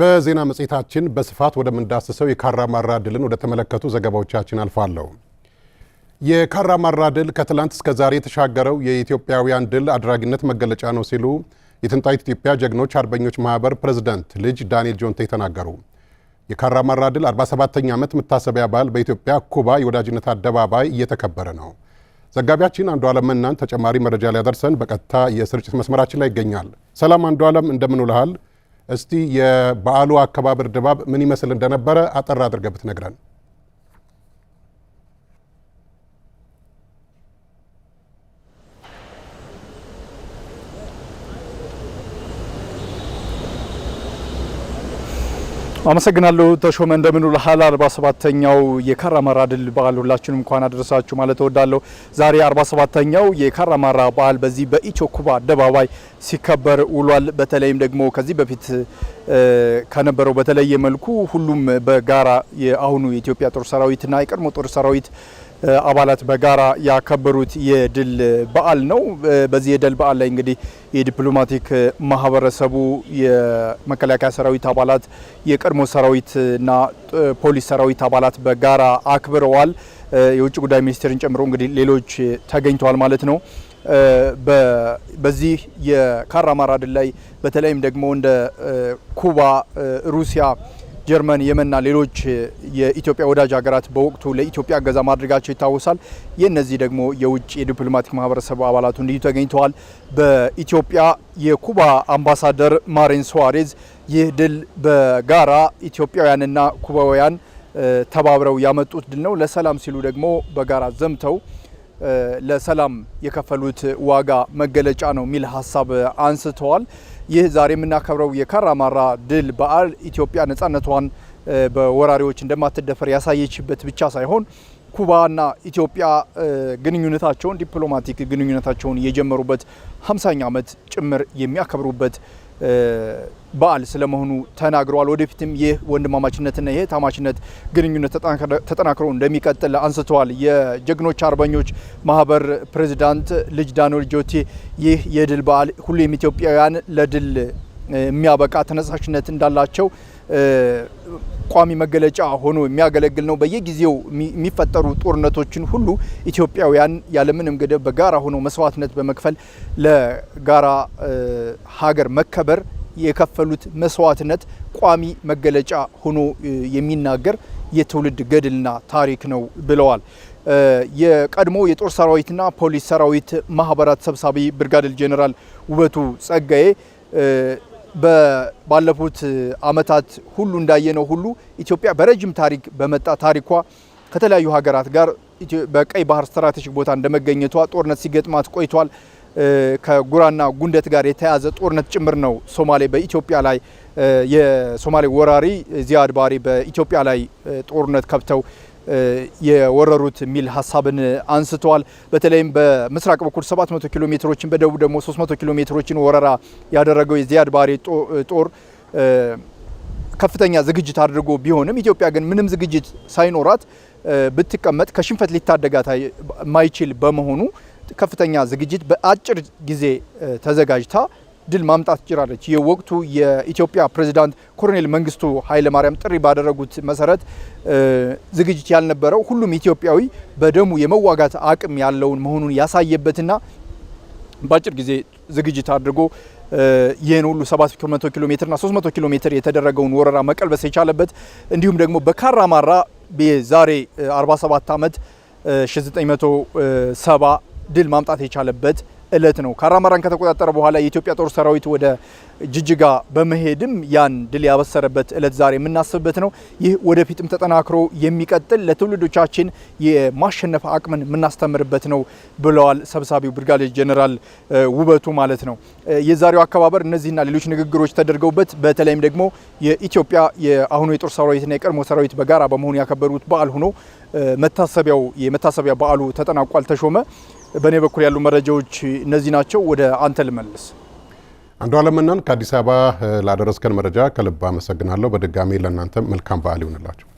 በዜና መጽሔታችን በስፋት ወደምንዳስሰው የካራማራ ድልን ወደ ተመለከቱ ዘገባዎቻችን አልፋለሁ። የካራማራ ድል ከትላንት እስከ ዛሬ የተሻገረው የኢትዮጵያውያን ድል አድራጊነት መገለጫ ነው ሲሉ የጥንታዊት ኢትዮጵያ ጀግኖች አርበኞች ማህበር ፕሬዝዳንት ልጅ ዳንኤል ጆንቴ ተናገሩ። የካራማራ ድል 47ኛ ዓመት መታሰቢያ በዓል በኢትዮጵያ ኩባ የወዳጅነት አደባባይ እየተከበረ ነው። ዘጋቢያችን አንዱ ዓለም እናን ተጨማሪ መረጃ ሊያደርሰን በቀጥታ የስርጭት መስመራችን ላይ ይገኛል። ሰላም አንዱ ዓለም እንደምን ውልሃል? እስቲ የበዓሉ አከባበር ድባብ ምን ይመስል እንደነበረ አጠር አድርገህ ብትነግረን። አመሰግናለሁ ተሾመ። እንደምን ውለሃል? 47ኛው የካራማራ ድል በዓል ሁላችንም እንኳን አደረሳችሁ ማለት እወዳለሁ። ዛሬ 47ኛው የካራማራ በዓል በዚህ ኩባ አደባባይ ሲከበር ውሏል። በተለይም ደግሞ ከዚህ በፊት ከነበረው በተለየ መልኩ ሁሉም በጋራ የአሁኑ የኢትዮጵያ ጦር ሰራዊትና የቀድሞ ጦር ሰራዊት አባላት በጋራ ያከበሩት የድል በዓል ነው። በዚህ የድል በዓል ላይ እንግዲህ የዲፕሎማቲክ ማህበረሰቡ፣ የመከላከያ ሰራዊት አባላት፣ የቀድሞ ሰራዊትና ፖሊስ ሰራዊት አባላት በጋራ አክብረዋል። የውጭ ጉዳይ ሚኒስቴርን ጨምሮ እንግዲህ ሌሎች ተገኝተዋል ማለት ነው። በዚህ የካራማራ ድል ላይ በተለይም ደግሞ እንደ ኩባ፣ ሩሲያ ጀርመን፣ የመንና ሌሎች የኢትዮጵያ ወዳጅ ሀገራት በወቅቱ ለኢትዮጵያ እገዛ ማድረጋቸው ይታወሳል። የእነዚህ ደግሞ የውጭ የዲፕሎማቲክ ማህበረሰብ አባላቱ እንዲሁ ተገኝተዋል። በኢትዮጵያ የኩባ አምባሳደር ማሪን ሱዋሬዝ ይህ ድል በጋራ ኢትዮጵያውያንና ኩባውያን ተባብረው ያመጡት ድል ነው፣ ለሰላም ሲሉ ደግሞ በጋራ ዘምተው ለሰላም የከፈሉት ዋጋ መገለጫ ነው የሚል ሀሳብ አንስተዋል። ይህ ዛሬ የምናከብረው የካራማራ ድል በዓል ኢትዮጵያ ነጻነቷን በወራሪዎች እንደማትደፈር ያሳየችበት ብቻ ሳይሆን ኩባና ኢትዮጵያ ግንኙነታቸውን ዲፕሎማቲክ ግንኙነታቸውን የጀመሩበት ሃምሳኛ ዓመት ጭምር የሚያከብሩበት በዓል ስለመሆኑ ተናግረዋል። ወደፊትም ይህ ወንድማማችነትና ይህ ታማችነት ግንኙነት ተጠናክሮ እንደሚቀጥል አንስተዋል። የጀግኖች አርበኞች ማህበር ፕሬዚዳንት ልጅ ዳንኤል ጆቴ ይህ የድል በዓል ሁሉም ኢትዮጵያውያን ለድል የሚያበቃ ተነሳሽነት እንዳላቸው ቋሚ መገለጫ ሆኖ የሚያገለግል ነው። በየጊዜው የሚፈጠሩ ጦርነቶችን ሁሉ ኢትዮጵያውያን ያለምንም ገደብ በጋራ ሆኖ መስዋዕትነት በመክፈል ለጋራ ሀገር መከበር የከፈሉት መስዋዕትነት ቋሚ መገለጫ ሆኖ የሚናገር የትውልድ ገድልና ታሪክ ነው ብለዋል። የቀድሞ የጦር ሰራዊትና ፖሊስ ሰራዊት ማህበራት ሰብሳቢ ብርጋዴር ጄኔራል ውበቱ ጸጋዬ ባለፉት አመታት ሁሉ እንዳየነው ሁሉ ኢትዮጵያ በረጅም ታሪክ በመጣ ታሪኳ ከተለያዩ ሀገራት ጋር በቀይ ባህር ስትራቴጂክ ቦታ እንደመገኘቷ ጦርነት ሲገጥማት ቆይቷል። ከጉራና ጉንደት ጋር የተያዘ ጦርነት ጭምር ነው። ሶማሌ በኢትዮጵያ ላይ የሶማሌ ወራሪ ዚያድ ባሬ በኢትዮጵያ ላይ ጦርነት ከብተው የወረሩት የሚል ሀሳብን አንስተዋል። በተለይም በምስራቅ በኩል 700 ኪሎ ሜትሮችን በደቡብ ደግሞ 300 ኪሎ ሜትሮችን ወረራ ያደረገው የዚያድ ባሬ ጦር ከፍተኛ ዝግጅት አድርጎ ቢሆንም ኢትዮጵያ ግን ምንም ዝግጅት ሳይኖራት ብትቀመጥ ከሽንፈት ሊታደጋት የማይችል በመሆኑ ከፍተኛ ዝግጅት በአጭር ጊዜ ተዘጋጅታ ድል ማምጣት ችላለች። የወቅቱ የኢትዮጵያ ፕሬዚዳንት ኮሎኔል መንግስቱ ኃይለማርያም ጥሪ ባደረጉት መሰረት ዝግጅት ያልነበረው ሁሉም ኢትዮጵያዊ በደሙ የመዋጋት አቅም ያለውን መሆኑን ያሳየበትና በአጭር ጊዜ ዝግጅት አድርጎ ይህን ሁሉ 700 ኪሎ ሜትርና 300 ኪሎ ሜትር የተደረገውን ወረራ መቀልበስ የቻለበት እንዲሁም ደግሞ በካራማራ የዛሬ 47 ዓመት 1970 ድል ማምጣት የቻለበት እለት ነው። ካራማራን ከተቆጣጠረ በኋላ የኢትዮጵያ ጦር ሰራዊት ወደ ጅጅጋ በመሄድም ያን ድል ያበሰረበት እለት ዛሬ የምናስብበት ነው። ይህ ወደፊትም ተጠናክሮ የሚቀጥል ለትውልዶቻችን የማሸነፍ አቅምን የምናስተምርበት ነው ብለዋል ሰብሳቢው ብርጋዴር ጄኔራል ውበቱ ማለት ነው። የዛሬው አከባበር እነዚህና ሌሎች ንግግሮች ተደርገውበት በተለይም ደግሞ የኢትዮጵያ የአሁኑ የጦር ሰራዊትና የቀድሞ ሰራዊት በጋራ በመሆኑ ያከበሩት በዓል ሆኖ መታሰቢያው የመታሰቢያ በዓሉ ተጠናቋል። ተሾመ በእኔ በኩል ያሉ መረጃዎች እነዚህ ናቸው። ወደ አንተ ልመልስ። አንዱ አለምናን ከአዲስ አበባ ላደረስከን መረጃ ከልብ አመሰግናለሁ። በድጋሚ ለእናንተ መልካም በዓል ይሆንላችሁ።